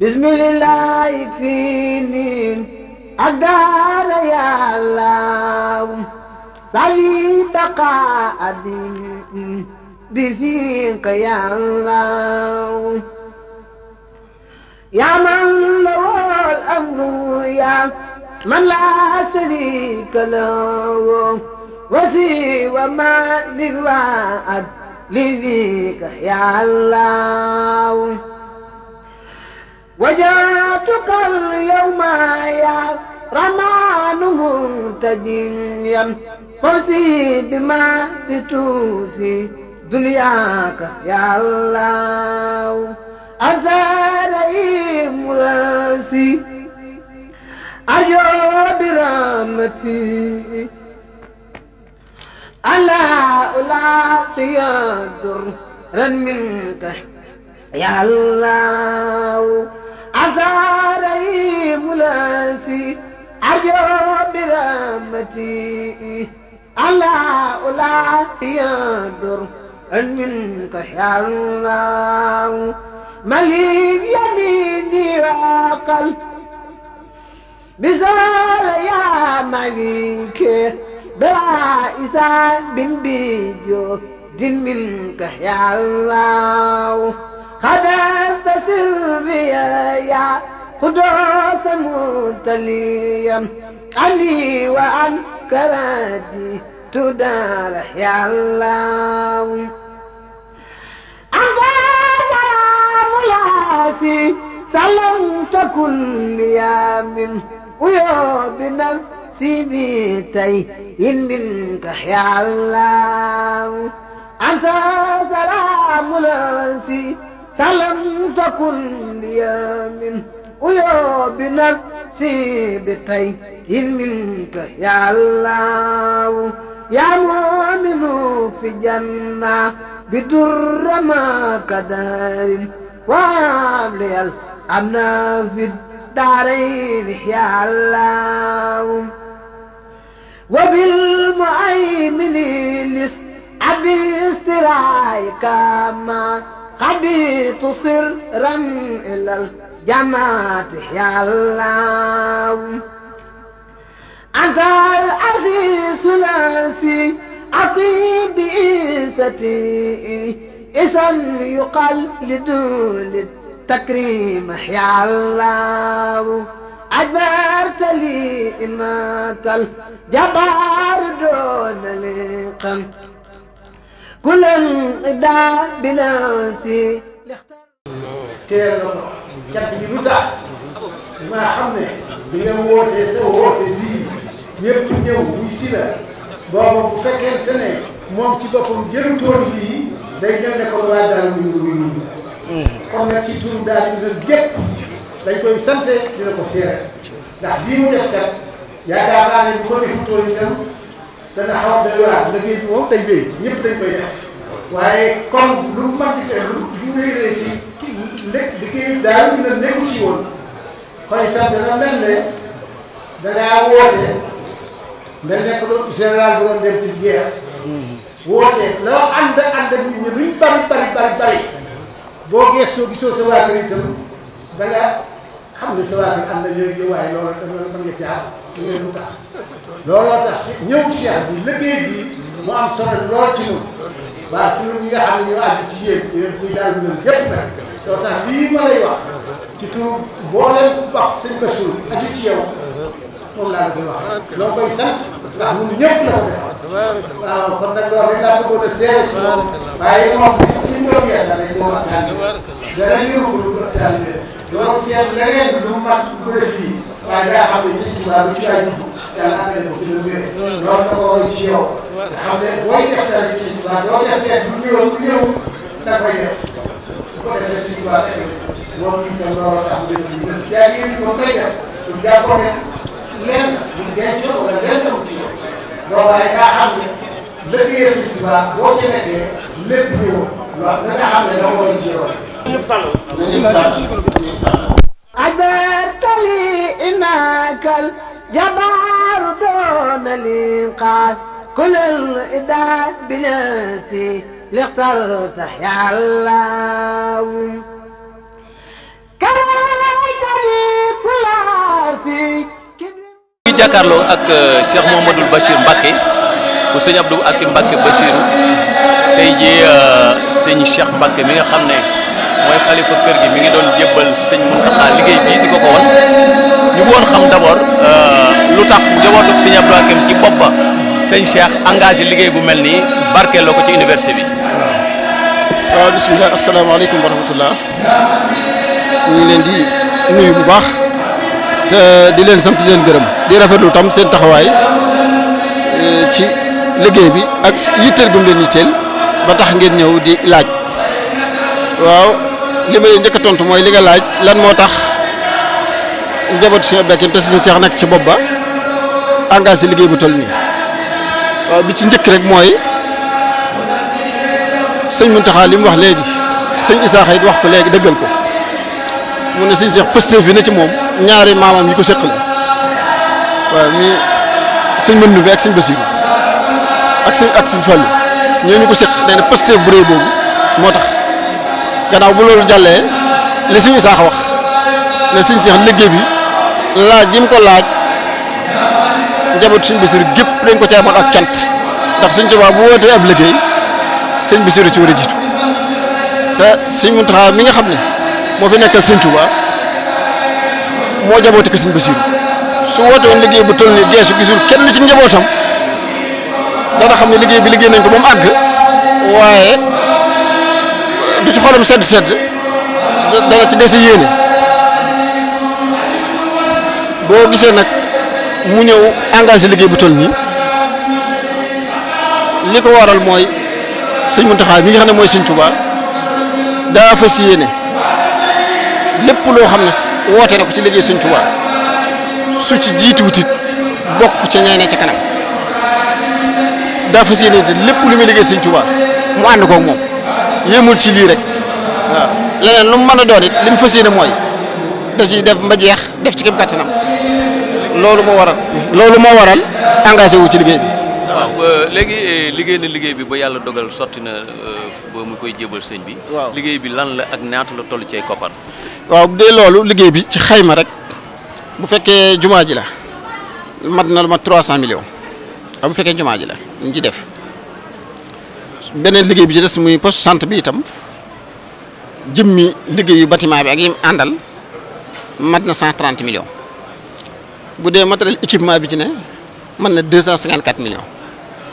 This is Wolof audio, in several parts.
bismillah fii nii ak daara yàllaaw sali baqa abi bi fiq yàllaaw yaa man lawal amru yaa man laa sharika lahu wasiwa ma lil waad li fiq yàllaaw وجاتك اليوم يا رمان منتجيا فوزي بما ستوفي دنياك يا الله أزاري مراسي أرجو برامتي ألا ألاقي الدر منك يا الله أزاري ملاسي أرجو برحمتي ألا أولا يدر أن منك يا الله مليك يميني وقل بزار يا مليك بلا إسان بن بيجو دين منك يا الله قدوس متليا علي وعن كرادي تدار يا الله أنت سلام ياسي سلمت كل يوم ويوم سبيتي إن منك يا الله أنت سلام لاسي سلمت كل يوم أيوب بنفسي بطيء منك يا الله يا مؤمن في جنة بدر ما كدار وابلي الأمن في الدارين يا الله وبالمؤمن لس أبي استرايك ما قد تصر إلى الأرض الجنات يا الله أنت العزيز العزي أطيب إيستي إذا يقال لدول التكريم يا الله أجبرت لي إنك الجبار دون لقم كل الإداء بلاسي تيرا cant gi lu tax maa xam ne bi nga wootee sa woote lii ñëpp ñëw muy si la booba bu fekkente ne moom ci boppam jëlutoon lii day mel ne kon waa daal mu ñu mu ñu kon nag ci turu daal yu leen gépp dañ koy sante ko seere ndax lii yaakaar naa ne bu ko defutoon itam dana xaw a doy waar liggéey bi moom day béy ñëpp dañ koy def waaye kon lu mu mën di def lu mu lay nekk di kii daal ñu ne nekkul ci woon kon itam dana mel ne dangaa woote mel ne ko général bu doon dem ci guerre woote loo ànd ànd ak nit ñi luñ bari bari bari boo geesoo gisoo sa waa kër itam da nga xam ne sa waa kër am na ñooy ñëw waaye loolu dama mën nga ci am ngeen mu tax looloo tax si ñëw cheikh bi liggéey am solo lool ci ñun waaw pour ñi nga xam ne ñoo àgg ci yéen yéen kuy daal ñun soo tax lii ma lay wax ci tur mboolem ku baax sëñ Bachir aju ci yow moom laa la koy koy sant ndax ñun ñëpp la ko def waaw kon nag loolu rek laa bëggoon a seere ci moom waaye moom li ñu doon yeesal rek moo waxtaan bi dana yëngu lu waxtaan bi loolu seet leneen lu mat bu def fii waaye daa xam ne sëñ Tuubaa lu ci waay yàlla àndale ko ci lu wér loolu da ko roy ci yow nga xam ne booy def dara ci sëñ Tuubaa doo ca seet lu ñëw bu ko defee suñu waa fekk loolu ñu te looloo tax mu def ñu def yaa ngi yéen moom lay def pour jàppoo ne lenn bu dencoo wala lenn amul ci yow boobaay daa xam ne liggéeyee suñu tubaab boo ci nekkee lépp ñëw waaw nga nga xam ne da nga war a jéewal. عبرت لي إنك الجبار دون الإنقاذ كل الإداد بلاسي li اخترت يا الله ñu jàkkaarloo ak euh, Cheikh Mouhamadoul Bachir Mbacké bu sëñ Abdou ak Mbacké Bachir tey jii euh, sëñ Cheikh Mbacké mi nga xam ne mooy xalifa kër gi mi ngi doon jébbal sëñ Mountakha liggéey bii di ko ko won ñu woon xam d'abord euh, lu tax njabootu sëñ Abdou ak ci bopp ba sëñ Cheikh engagé liggéey bu mel nii barkeeloo ko ci université bi. waaw bisimilah asalaamaaleykum wa rahmatullah ñu ngi leen di nuyu bu baax te di leen sant di leen gërëm di rafetlu tam seen taxawaay e, ci liggéey bi ak yitteel gum leen yitteel ba tax ngeen ñëw di laaj waaw li ma leen njëkk a tontu mooy li nga laaj lan moo tax njabootu suñu abdakim te suñu seex nekk ci bopp ba engagé liggéey bu toll nii waaw bi ci njëkk rek mooy. sëñ taxaa li mu wax léegi sëñ Isaaxa it wax ko léegi dëggal ko mu ne sëñ Seex pëstéef bi na ci moom ñaari maamam yi ko seq la waaw mi sëñ Mëndu bi ak sëñ Basiiru ak sëñ ak sëñ Fallu ko seq nee na pëstéef bu rëy boobu moo tax gannaaw bu loolu jàllee li sëñ Isaaxa wax ne sëñ Seex liggéey bi laaj yi mu ko laaj njabootu sëñ Basiiru gépp dañ ko ci amoon ak cant ndax sëñ Tuubaa bu wootee ab liggéey sëñ Bassirou ci war a jiitu te sëñ Mountakha mi nga xam ne moo fi nekkal sëñ Touba moo jabooti ko sëñ Bassirou su woote woon liggéey bu toll nii geesu gisul kenn ci njabootam dana xam ne liggéey bi liggéey nañ ko ba mu àgg waaye du ci xolam sedd sedd dana ci des yéene boo gisee nag mu ñëw engagé liggéey bu toll nii li ko waral mooy. sëñ Muntaxa mi nga xam ne mooy sëñ Tuubaa daa fas yéene lépp loo xam ne wootee na ko ci liggéey sëñ Tuubaa su ci jiitu wutit bokk ca ñay ne ca kanam daa fas yéene lépp lu muy liggéey sëñ Tuubaa mu ànd koog moom yéemul ci lii rek waaw leneen lu mu mën a doon it mu fas yéene mooy da ciy def mba jeex def ci kéem kattanam loolu moo waral. loolu moo waral engagé wu ci liggéey bi. waaw euh, léegi eh, liggéey na liggéey bi ba yàlla dogal sotti na euh, ba mu koy jébal sëñ bi. waaw liggéey bi lan la ak naatu la toll cay koppar. waaw de loolu liggéey bi ci xayma rek bu fekkee jumaa ji la mat na lu mat 300 millions bu fekkee jumaa ji la ñu ci def beneen liggéey bi ci des muy poste santé bi itam jëmmi liggéeyu bâtiment bi ak yim àndal mat na 130 millions bu dee matériel équipement bi ci ne mën na 254 millions.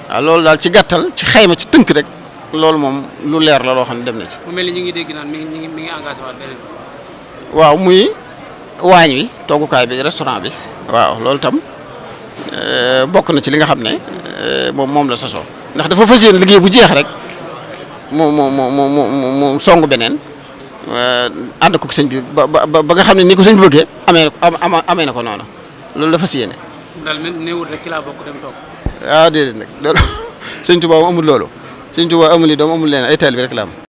waaw loolu daal ci gàttal ci xayma ci tënk rek loolu moom lu leer la loo xam ne dem na ci. mu mel ni ñu ngi dégg naan mi ngi mi ngi engagé waat waaw muy waañ wi toggukaay bi restaurant bi. waaw loolu tam euh, bokk na ci li nga xam ne euh, moom moom la sasoo ndax dafa fas yéene liggéey bu jeex rek mu mu mu mu mu songu beneen euh, ànd ko sëñ bi ba ba ba nga xam ne ni ko sëñ bi bëggee amee na ko na ko noonu loolu la fas yéene. bokk dem ah déedéet nag loolu sëñ Tuubaa amul loolu sëñ Tuubaa amul yi doom amul leen ay taalibe rek la am